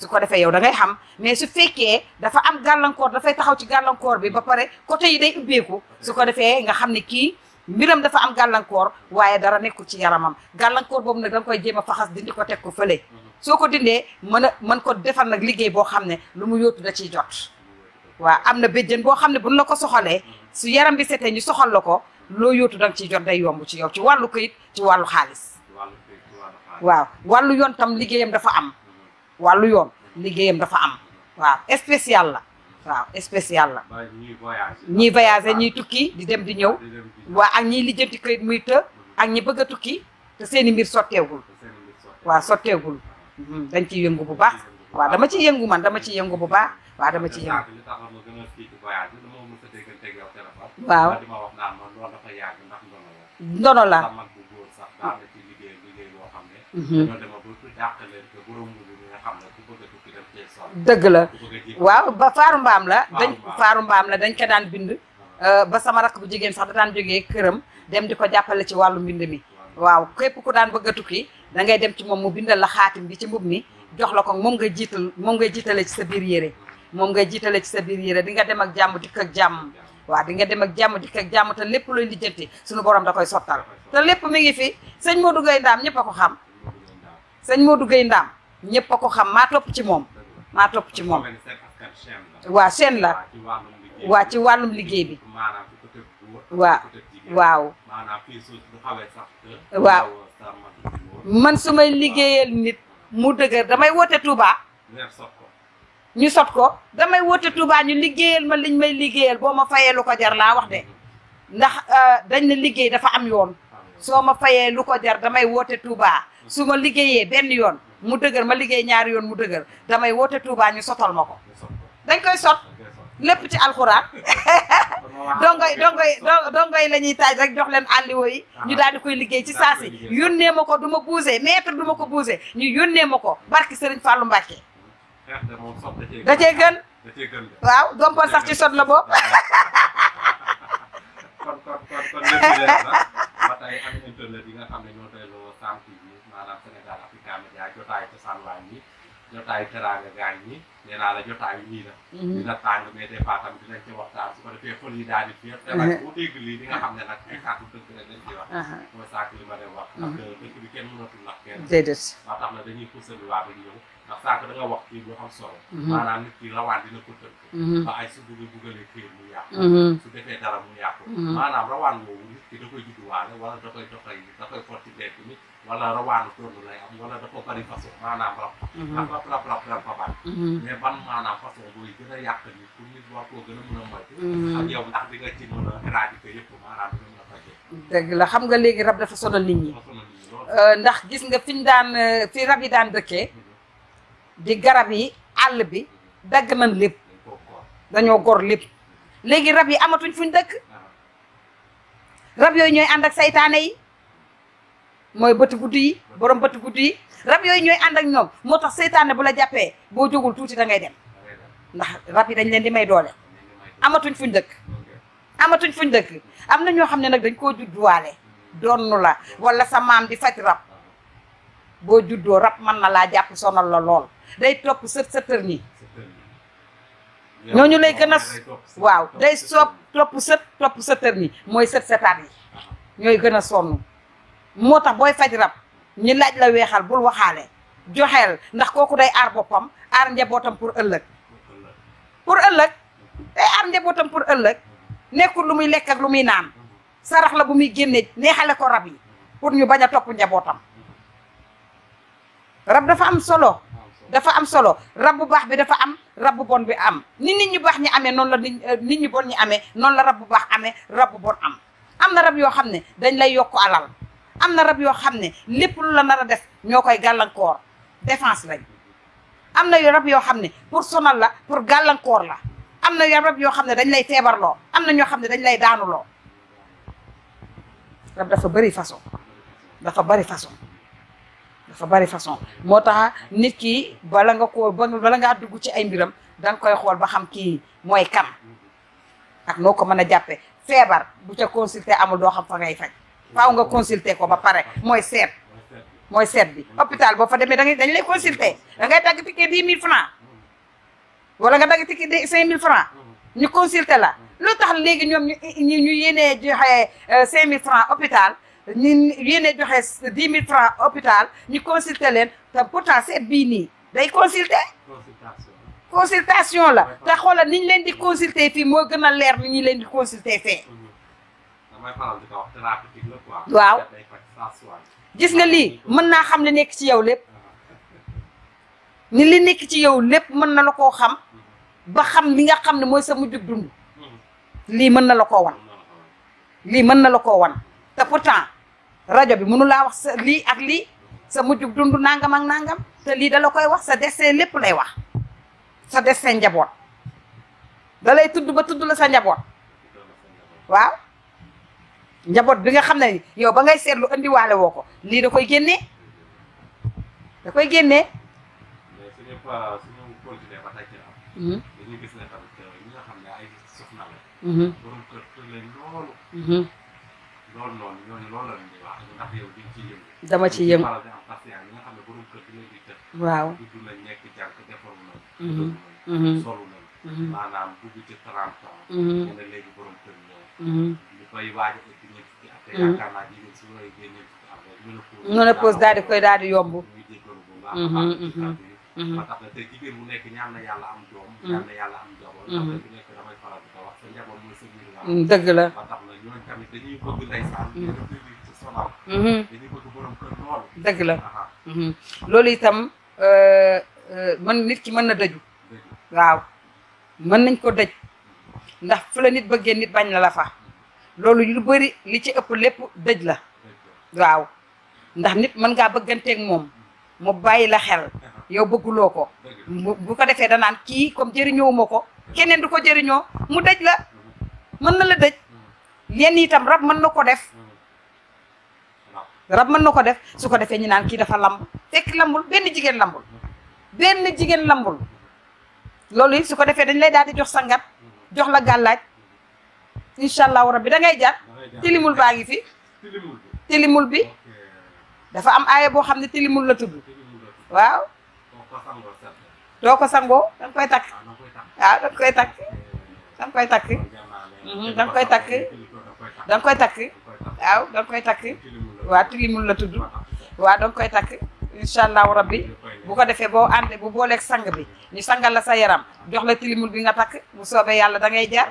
su ko defee yow dangay xam mais su fekkee dafa am gàllankoor dafay taxaw ci gàllankoor bi ba pare côté yi day ubbeeku su ko defee nga xam ne kii mbiram dafa am gàllankoor waaye dara nekkul ci yaramam gàllankoor boobu nag da koy jéem a faxas dindi ko teg ko fële. soo ko dindee mën mën ko defal nag liggéey boo xam ne lu mu yootu da ciy jot. waaw am na béjjën boo xam ne buñ la ko soxalee su yaram bi setee ñu soxal la ko loo yootu da nga ciy jot day yomb ci yow ci wàllu këyit ci wàllu xaalis. waaw wàllu yoon tam liggéeyam dafa am. wàllu yoon liggéeyam dafa am waaw spécial la waaw spécial la ñiy voyagé ñiy tukki di dem di ñëw waa ak ñiy lijjanti crédit muy të ak ñi bëgg a tukki te seen i mbir sotteegul waaw sotteegul dañ ciy yëngu bu baax waa dama ci yëngu man dama ci yëngu bu baax waaw dama ci yëngu waaw ndono la dëgg la waaw ba faaru mbaam la dañ mbaam la dañ ko daan bind ah. euh, ba sama rakk bu jigéen sax da daan jógee këram dem di ko jàppale ci wàllu mbind mi waaw képp ku daan bëgg a tukki da ngay dem ci moom mu bindal la xaatim bi ci mbub mi jox la ko moom nga jiital moom nga jiitale ci sa biir yére moom nga ci sa biir yére di nga dem ak jàmm dikk ak jàmm waaw di dem ak jàmm dikk ak jàmm te lépp looy lijjanti suñu borom da koy sottal te lépp mi ngi fi sëñ Modou Gueye Ndaam ñëpp a ko xam sëñ Modou Gueye Ndaam ñëpp a ko xam maa topp ci moom maa topp ci moom waa seen la waa ci wàllum liggéey bi waa waaw waaw man su liggéeyal nit mu dëgër damay woote Touba ñu sot ko damay woote Touba ñu liggéeyal ma liñ may liggéeyal boo ma fayee lu ko jar laa wax de ndax euh, dañ na liggéey dafa am yoon soo ma fayee lu ko jar damay woote Touba su ma liggéeyee benn yoon mu dëgër ma liggéey ñaari yoon mu dëgër damay woote Touba ñu sotal ma ko dañ koy sot lépp ci alxuraan dongoy yi dongoy la ñuy taaj rek jox leen àlliwo yi ñu daal di koy liggéey ci saasi yónnee ma ko duma ma buuse maître du ma ko buuse ñu yónnee ma ko barki Sëriñ Fàllu Mbàkke da cee gën waaw dompoon sax ci sot la boobu kon na ba daal Africa Media jotaayu cosaan waa ñi jotaayu teraanga gaañ ñi yi daal di féer. te nag boo dégg lii di nga xam ne nag ay kàddu dëgg rek lañ ci wax. mooy sànq li wax. da am solo. maanaam rawaan dina ko tënk. ba ay su duggee buggalee kii mu yàqu. su defee dara mu yàqu. da koy judduwaale wala da koy forti benn nit wala rawaanu tóorlu lay rab. Mhm. ndax mhm. façon a yàq nit mhm. ndax la xam nga léegi rab dafa sonal nit ñi. Euh, ndax gis nga fiñ daan euh, fi rab yi daan dëkkee. di garab yi àll bi dagg nañ lépp. dañoo gor lépp. léegi rab yi amatuñ fuñ dëkk. Ah. rab yooyu ñooy ànd ak saytaane yi. mooy bëti guddi yi borom bëti guddi yi rab yooyu ñooy ànd ak ñoom moo tax seytaane bu la jàppee boo jógul tuuti dangay dem ndax rab yi dañ leen di may doole amatuñ fu dëkk amatuñ fuñ dëkk am na ñoo xam ne nag dañ koo judduwaale doonnu la wala sa maam di faj rab boo juddoo rab man na laa jàpp sonal la lool day topp sët sëtër ñi ñooñu lay gën a waaw day soob topp sët topp sëtër ñi mooy sët sëtaat yi ñooy gën a sonn moo tax booy faj rab ñu laaj la weexal bul waxaale joxeel ndax kooku day aar boppam aar njabootam pour ëllëg pour ëllëg day aar njabootam pour ëllëg nekkul lu muy lekk lu muy naan sarax la bu muy génne neexale ko rab yi pour ñu bañ a topp njabootam rab dafa am solo dafa am solo rab bu baax bi dafa am rab bu bon bi am ni nit ñu baax ñi amee noonu la nit euh, ñi bon ñi amee noonu la rab bu baax amee rab bu bon am am na rab yoo xam ne dañ lay yokk alal am na rab yoo xam ne lépp lu la nar a def ñoo koy gàllankoor défense lañ am na rab yoo xam ne pour sonal la pour gàllankoor la am na rab yoo xam ne dañ lay feebarloo am na ñoo xam ne dañ lay daanuloo rab dafa bëri façon dafa bari façon dafa bari façon moo tax nit ki bala nga ko bala ngaa dugg ci ay mbiram danga koy xool ba xam kii mooy kan ak noo ko mën a jàppe feebar bu ca consulté amul doo xam fa ngay faj faaw nga consulter ko ba pare mooy seet mooy seet bi hôpital boo fa demee da ngay dañ lay consulter da ngay dagg ticket dix mille francs wala nga dagg ticket cinq mille francs ñu consulter la lu tax léegi ñoom ñu ñu yéenee joxe euh, cinq mille francs hôpital ñu yéenee joxe dix mille francs hôpital consulter leen te pourtant seet bii nii day consulter consultation la tax xoolal ni ñu leen di consulter fii moo gën a leer ni ñu leen di consulter fee waaw gis nga lii mën naa xam li nekk ci yow lépp ni li nekk ci yow lépp mën na la koo xam mm-hmm. ba xam li nga xam ne mooy sa mujjug dund mm-hmm. lii mën na la ko wan lii mën na la ko wan te pourtant rajo bi mënu laa wax sa lii ak lii sa mujjug dund nangam ak nangam te lii da la koy wax sa destin lépp lay wax sa destin njaboot dalay tudd ba tudd la sa njaboot waaw njaboot bi nga xam ne yow ba ngay seetlu andiwaale woo ko lii da koy génnee da koy génnee. mais nga xam ne ay soxna la. borom kër kër lañ loolu. ci yëngu. dama ci yëngu par exemple nga xam ne borom kër bi waaw gudd lañ nekk ménopause mm. e daal di koy daal di yomb. ma tax na am yàlla am njaboot. ndax ku ko wax sa njaboot mooy la. dëgg la ma dëgg la loolu itam eh, eh, man nit ki mën na dëju. waaw mën nañ ko dëj ndax fu la nit bëggee nit bañ na la fa. loolu lu bëri li ci ëpp lépp dëj la waaw ndax nit mën ngaa bëgganteeg moom mu bàyyi la xel yow bëgguloo ko bu ko defee danaan kii comme jëriñoo ko keneen du ko jariñoo mu dëj la mën na la dëj yenn yitam rab mën na ko def rab mën na ko def su ko defee ñu naan kii dafa lamb fekk lambul benn jigéen lambul benn jigéen lambul loolu yi su ko defee dañ lay daal di jox sangat jox la gàllaaj incha allahu rabbi da ngay jar tilimul baa ngi fi tilimul bi dafa am aaya boo xam ne tilimul la tudd waaw doo ko sangoo danga koy takk waaw danga koy takk koy takk koy takk koy takk waaw danga koy takk waaw tilimul la tudd waaw danga koy takk incha allahu rabbi bu ko defee boo ànd bu booleeg sang bi ñu sangal la sa yaram jox la tilimul bi nga takk bu soobee yàlla dangay ngay jar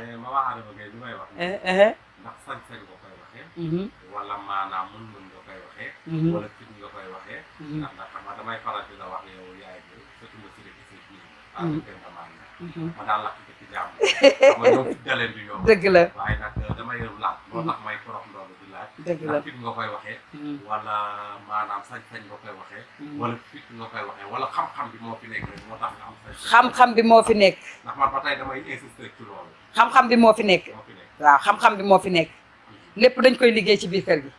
koy wax. Eh, eh, eh. ndax sañ-sañ nga koy waxee. Mhm. wala maanaam mën-mën nga koy waxee. Mhm. wala fit nga koy waxee. Mhm. ndax ndax xam nga damay faral di la wax yow yaay bi surtout nga si rek si biir. ah bu fekkee damaa ne. ma daal lakk ci jàmm. xam nga ñoom fi daleen bi ñoom. dëgg la waaye nag damay laaj. moo tax may torox ndox. dëgg la fit koy waxee mm. wala maanaam sañ-sañ koy waxee mm. koy waxee wala xam-xam bi moo fi nekk bi moo fi nekk ndax man ba tey moo fi nekk waaw xam-xam bi moo fi nekk mm. lépp dañ koy liggéey ci biir kër gi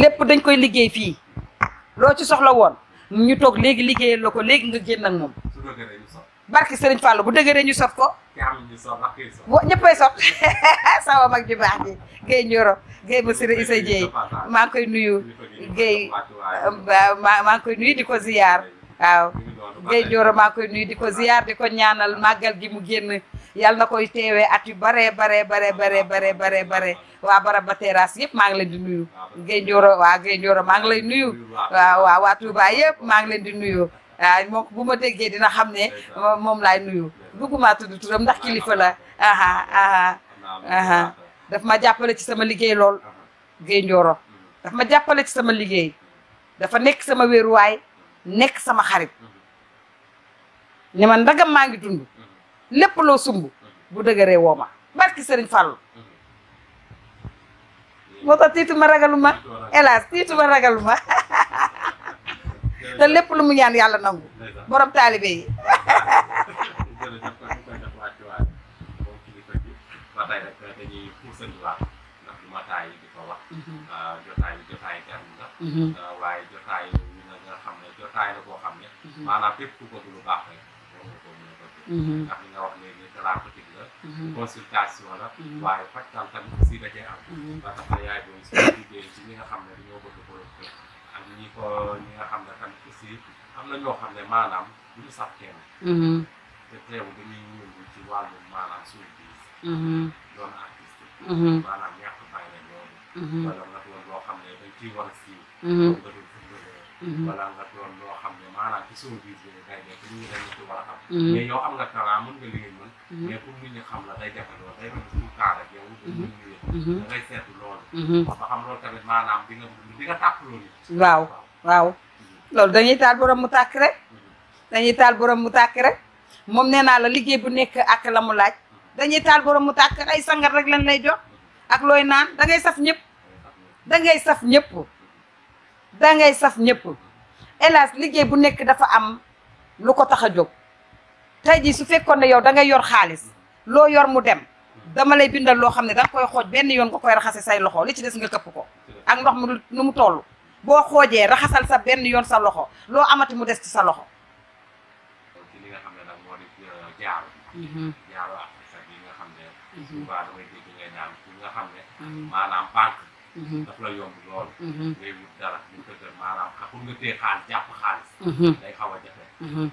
lépp dañ koy liggéey fii loo ci soxla woon ñu toog léegi liggéeyal la ko léegi nga génn ak moom barki Sëriñ Fallou bu dëgëree ñu sot ko. wa ñëppay sot sama mag ju baax ji Guèye Nioro Guèye Massiré Issa Dieye maa ngi koy nuyu Guèye euh, maa ngi koy nuyu di ko ziyaar waaw Guèye di ko ziyaar di ko ñaanal màggal gi mu génn yàlla na koy teewee at yu bare bare bare bare bare bare bare waa Baraba Terrasse yëpp maa ngi leen di nuyu Guèye Nioro waa Guèye Nioro maa ngi lay nuyu waaw waa waa Touba yëpp maa ngi leen di nuyu waaw ah, moom ma déggee dina xam ne moom laay nuyu bëgguma tudd turam ndax kilifa aha aha daf ma jàppale ci sama liggéey lool génjooro Ndioro daf ma jàppale ci sama liggéey dafa nekk sama wéeruwaay nekk sama xarit ne ma ndagam maa ngi dund lépp loo sumb bu dëgëree woo ma barki Sëriñ Fàllu moo tax tiitu ma ragaluma hélas tiitu ma ragaluma te lépp lu mu ñaan yàlla nangu borom taalibe yi waaye jotaay yi nag nga xam ne jotaay la boo xam ne mhm. maanaam képp ku bëgg lu baax rek war nga ko mën a bëgg mhm. ndax li nga wax léegi thérapeutique la mhm. consultation la waaye fajtal tamit si dajee am ba tax na yaay booy si liggéey ci ñi nga xam ne dañoo bëgg borom ñi ko ñi nga xam ne tamit aussi am na ñoo xam ne maanaam du ñu sax kenn. Mm-hmm. te teew dañuy ñëw ci wàllu maanaam suñu biis. Mm-hmm. doon artiste. Mm-hmm. maanaam ñàkk bàyyi la loolu. wala nga doon loo xam ne dañ ciy war a siiw. nga doon dundale. wala nga doon loo xam ne maanaam ci suñu biis bi day nekk nit ñi dañ ci war a xam. mais yow am nga talent mën nga li nga mën. mais pour nit ñi xam la day jafe loolu day mel ni suñu kaar ak yow. da ngay loolu. waaw waaw loolu dañuy taal borom mu tàkk rek. Mm-hmm. dañuy taal borom mu tàkk rek moom nee naa la liggéey bu nekk ak la mu laaj mm-hmm. dañuy taal borom mu tàkk ay sangat rek lañ lay jox ak looy naan dangay ngay saf ñëpp da ngay saf ñëpp da ngay saf ñëpp hélas liggéey bu nekk dafa am lu ko tax a jóg tey jii su fekkoon ne yow da yor xaalis loo yor mu dem dama lay bindal loo xam ne danga koy xooj benn yoon nga koy raxase say loxo li ci des nga këpp ko ak ndox mu nu mu toll boo xoojee raxasal sa benn yoon sa loxo loo amati mu des ci sa loxo ci xam ne nag moo di euh, jaaru mhm. jaaru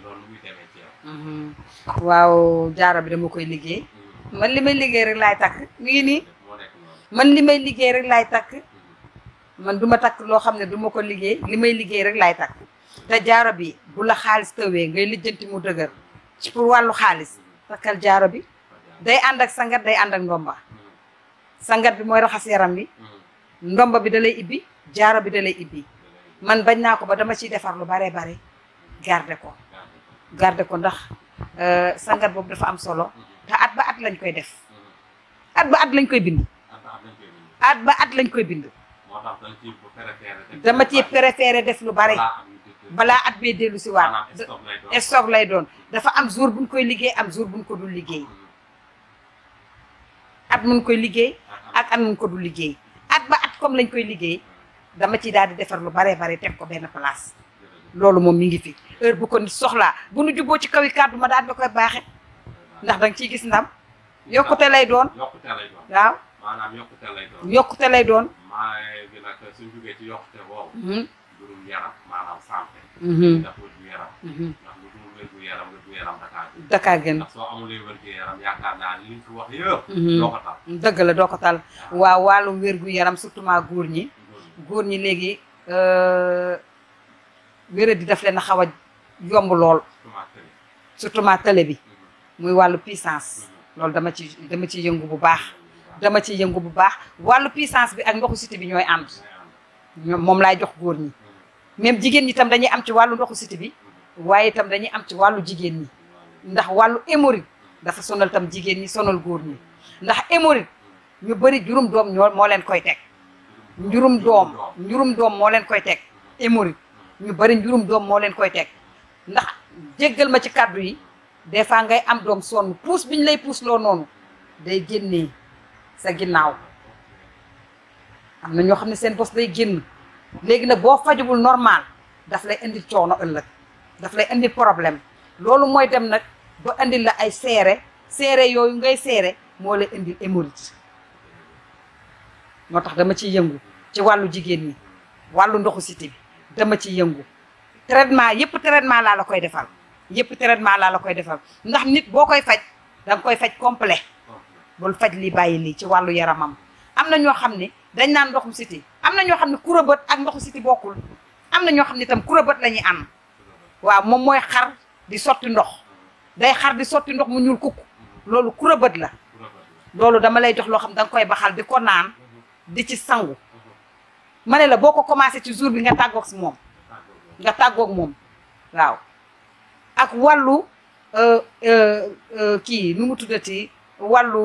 loolu muy demee ci mhm. waaw jaaro bi dama koy liggéey man li may liggéey rek laay takk mi ngi nii man li may liggéey rek laay takk man du ma takk loo xam ne du ma ko liggéey li may liggéey rek laay takk te jaaro bi bu la xaalis tawee ngay lijjanti mu dëgër ci pour wàllu xaalis takkal jaaro bi day ànd ak sangat day ànd ak ndomba sangat bi mooy raxas yaram bi ndomba bi da lay ibbi jaaro bi da lay ibbi man bañ naa ko ba dama ci defar lu bare bare garde ko garde ko ndax euh, sangat boobu dafa am solo lañ koy def at ba at lañ koy bind at ba at lañ koy bind dama ci préféré def lu bare balaa at bee dellu si waat stock lay doon dafa am jour buñ koy liggéey am jour buñ ko dul liggéey at mun koy liggéey ak at ko dul liggéey at ba at comme lañ koy liggéey dama ciy daal di defar lu bare bare te ko benn place loolu moom mi ngi fi heure bu ko soxlaa bu nu juboo ci kaw yi kàddu ma daal di koy baaxe ndax danga ciy gis ndam yokkute lay doon. yokkute lay doon waaw. maanaam yokkute lay doon. yokkute lay doon. maa mhm. yaram maanaam mhm. mhm. doo ko tal dëgg la doo yaram surtout maa góor ñi. góor ñi léegi euh, wéra di daf leen a xaw a yomb lool. surtout télé bi. muy wàllu puissance. loolu dama ci dama ci yëngu bu baax dama ci yëngu bu baax wàllu puissance bi ak ndoxu cité bi ñooy ànd ñoom moom laay jox góor ñi même jigéen ñi tam dañuy am ci wàllu ndoxu siti bi waaye itam dañuy am ci wàllu jigéen ñi ndax wàllu hémorroïde dafa sonal tam jigéen ñi sonal góor ñi ndax hémorroïde ñu bëri jurum doom ñoo moo leen koy teg njurum doom njurum doom moo leen koy teg hémorroïde ñu bëri njurum doom moo leen koy teg ndax jéggal ma ci kàddu yi des fois ngay am doom sonn puus ñu lay puus loo noonu day génnee sa ginnaaw am na ñoo xam ne seen bos day génn léegi nag boo fajubul normal daf lay indil coono ëllëg daf lay indil problème loolu mooy dem nag ba indil la ay seere seere yooyu ngay seere moo lay indil hémorroïde moo tax dama ciy yëngu ci wàllu jigéen ñi wàllu ndoxu siti bi dama ciy yëngu traitement yépp traitement laa la koy defal yëpp traitement laa la koy defal ndax nit boo koy faj da koy faj complet bul faj li bàyyi lii ci wàllu yaramam am na ñoo xam ne dañ naan ndoxum siti am na ñoo xam ne kurabët ak ndoxu siti bokkul am na ñoo xam ne itam kurabët la ñuy am waaw moom mooy xar di sotti ndox day xar di sotti ndox mu ñuul kukk loolu kurabët la loolu dama lay jox loo xam da nga koy baxal di ko naan di ci sangu ma ne la boo ko commencé ci jour bi nga tàggook si moom nga tàggook moom waaw ak wàllu euh, euh, euh, kii nu mu tuddati wàllu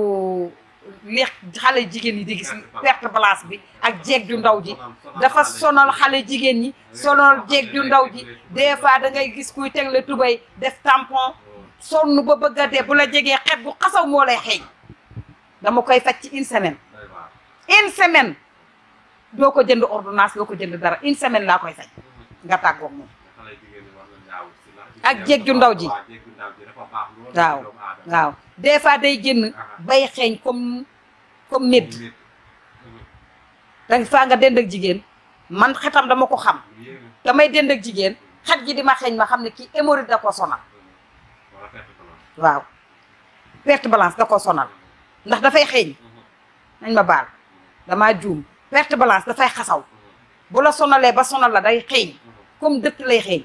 leex xale jigéen ñi di gis perte place bi ak jeeg ju ndaw ji dafa sonal xale jigéen ñi sonal jeeg ju ndaw ji des fois da ngay gis kuy tegle la tubay def tampon sonn ba bëgg dee bu la jegee xet bu xasaw moo lay xeeñ dama koy faj ci une semaine une semaine doo ko jënd ordonnance doo ko jënd dara une semaine laa koy faj nga tàggoog moom ak jéeg ju ndaw ji waaw waaw des fois day génn bay xeeñ comme comme nit danga faa jigéen man xetam dama ko xam damay dend jigéen xet gi di ma xeeñ ma xam ne kii hémorroïde da ko sonal waaw perte balance da ko sonal ndax dafay xeeñ nañ ma baal damaa juum perte balance dafay xasaw bu la sonalee ba sonal la day xeeñ comme dëkk lay xeeñ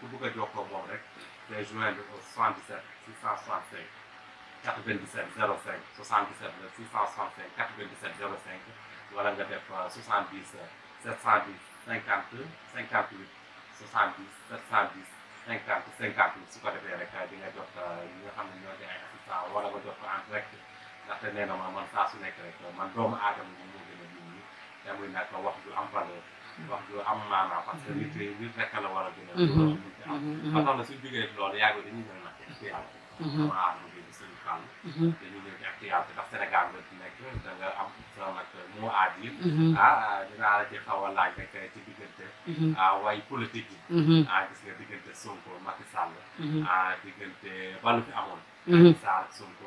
ku bëgg a jokkoo moom rek day joindre au 77 665 97 05 77 665 97 05 wala nga def 70 710 50 58 70 710 50 50 su ko defee rek euh, di nga jot euh, ñi nga xam ne ñoo di ay assistant wala nga jot ko en direct ndaxte nee na ma man saa su nekk rek man doomu aadama bi moo gën a nit ñi te muy nag wax ju am valeur wax ju am maanaam parce que nit yi nit rek la war a gën a. Mhm. loolu am. parce mhm, mhm. que suñ jógee loolu yàgg dañuy ñëw nag ci yàlla. xam nga am na seen xàll. dañuy ñëw ci yàlla ndax Sénégal nga ci nekk da nga am sa nag moo aad yi. ah dinaa la ci xaw a laaj rek ci diggante. ah way politique yi. ah gis nga diggante Sonko Macky Sall. ah diggante balu fi amoon. Macky Sall Sonko.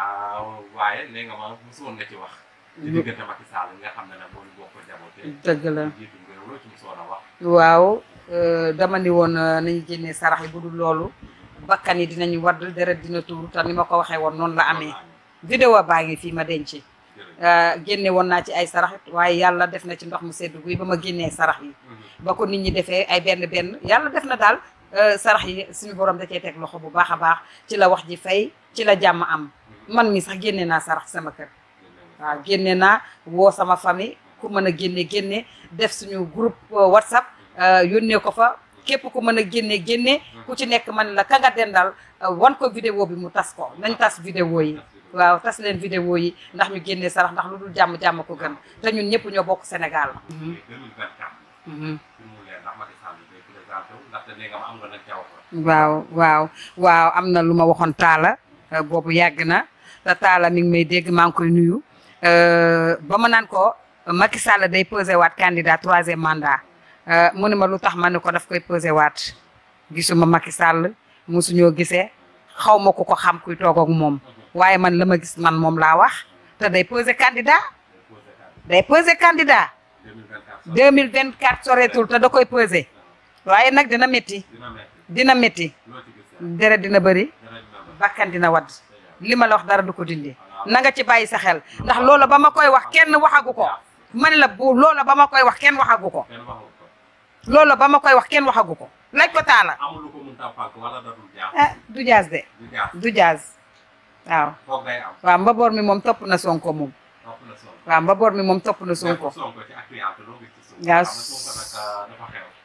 ah waaye nee nga ma mosoon nga ci wax. ci diggante Macky Sall nga xam ne nag boo bokk jabootee. dëgg la. waaw euh, dama ni woon euh, nañu génne sarax yi bu dul loolu bakkan yi dinañu wadd deret dina tuuru te ni ma ko waxee woon noonu la amee vidéo baa ngi fii ma denc euh, génne woon naa ci ay sarax waaye yàlla def na ci ndox mu sedd guy ba ma génnee sarax yi mhm. ba ko nit ñi defee ay benn benn yàlla def na daal sarax yi suñu borom da cee teg loxo bu baax a baax ci la wax ji fay ci la jàmm am mhm. man mi sax génne naa sarax sama kër waaw génne naa woo sama famille ku mën a génne génne def suñu groupe euh, whatsapp euh, yónnee ko fa képp ku mën a génne génne ku ci nekk man la ka nga dendal euh, wan ko vidéo bi mu tas ko nañ tas vidéo yi waaw tas leen vidéo yi ndax ñu génne sarax ndax lu dul jàmm jàmm ko gën te ñun ñëpp ñoo bokk Sénégal. Mhm. Mhm. waaw waaw waaw am na lu ma waxoon taala boobu yàgg na te taala mi dégg maa ngi koy nuyu ba ma naan ko Macky Sall day posé waat candidat troisième mandat euh, mu ne ma lu tax ma ne ko daf koy posé waat gisuma Macky Sall mosuñoo gisee xaw ma ku ko xam kuy toog ak moom waaye man la ma gis man moom laa wax te day posé candidat day posé candidat 2024 soreetul te da koy posé waaye nag dina métti dina métti deret dina bëri bakkan dina wadd li ma la wax dara du ko dindi na nga ci bàyyi sa xel ndax loolo ba ma koy wax kenn waxagu ko ma la bu loola ba ma koy wax kenn waxagu ko. kenn waxagu ba ma koy wax kenn waxagu ko. laaj ko taala. amul lu ko ah, du jaas de. du jaas waaw. mbaboor mi moom topp na sonko moom. topp waaw mbaboor mi moom topp na sonko. sonko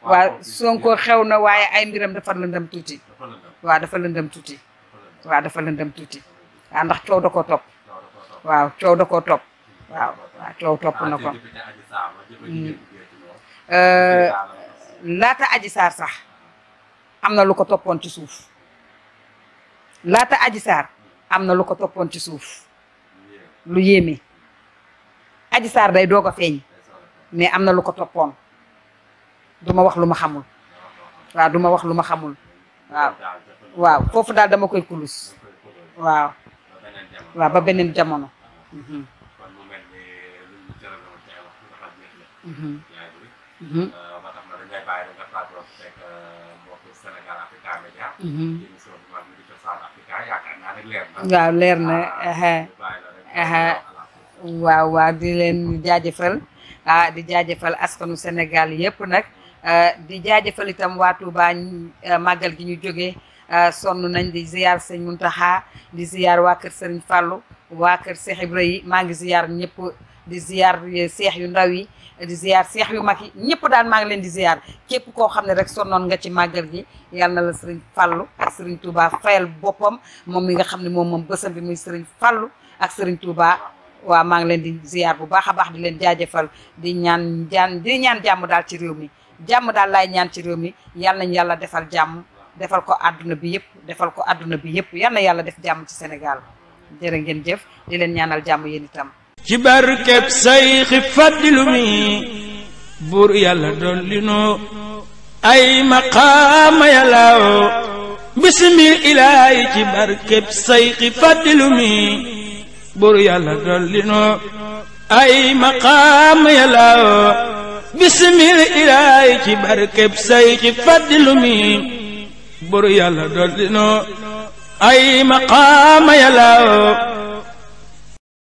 waaw sonko ah, xew na waaye ay mbiram dafa lëndëm tuuti. waaw dafa lëndëm tuuti. waaw dafa lëndëm tuuti. waaw ndax coow da koo topp. waaw coow da koo topp. waaw waaw topp na ko mm. euh, laata aji saar sax am na lu ko toppoon ci suuf laata aji saar am na lu ko toppoon ci suuf lu yéeme aji saar day doog a feeñ mais am na lu ko toppoon du ma wax lu ma xamul waaw du ma wax lu ma xamul waaw waaw foofu daal dama koy kulus waaw waaw ba beneen jamono mhm. yaa na dañ leer na. waaw waaw waaw di leen jaajëfal ah di jaajëfal askanu Sénégal yëpp nag ah, di jaajëfal itam waa Touba eh, màggal gi ñu jógee ah, sonn nañ di ziar sëñ Muntaxa di ziar waa kër Sëriñ Fàllu waa kër yi maa ngi ziar di ziar seex yu ndaw yi di ziar seex yu mag yi ñëpp daal maa ngi leen di ziar képp koo xam ne rek sonnoon nga ci màggal gi yàlla na la sëriñ fallu ak sëriñ Touba fayal boppam moom mi nga xam ne moom moom bësam bi muy sëriñ fallu ak sëriñ Touba. waaw maa ngi leen di ziar bu baax a baax di leen jaajëfal di ñaan jaan di ñaan jàmm daal ci réew mi jàmm daal laay ñaan ci réew mi yal nañu yàlla defal jàmm defal ko àdduna bi yëpp defal ko àdduna bi yëpp yal na yàlla def jàmm ci Sénégal ngeen jëf di leen ñaanal jàmm yéen itam. ci barkeb sayxi faddilu mi buur yàlla dolli noo ay maqaama yàllaaw bismil ilaahi ci barkeb sayxi faddilu mi buur yàlla dolli ay maqaama yàllaaw bismil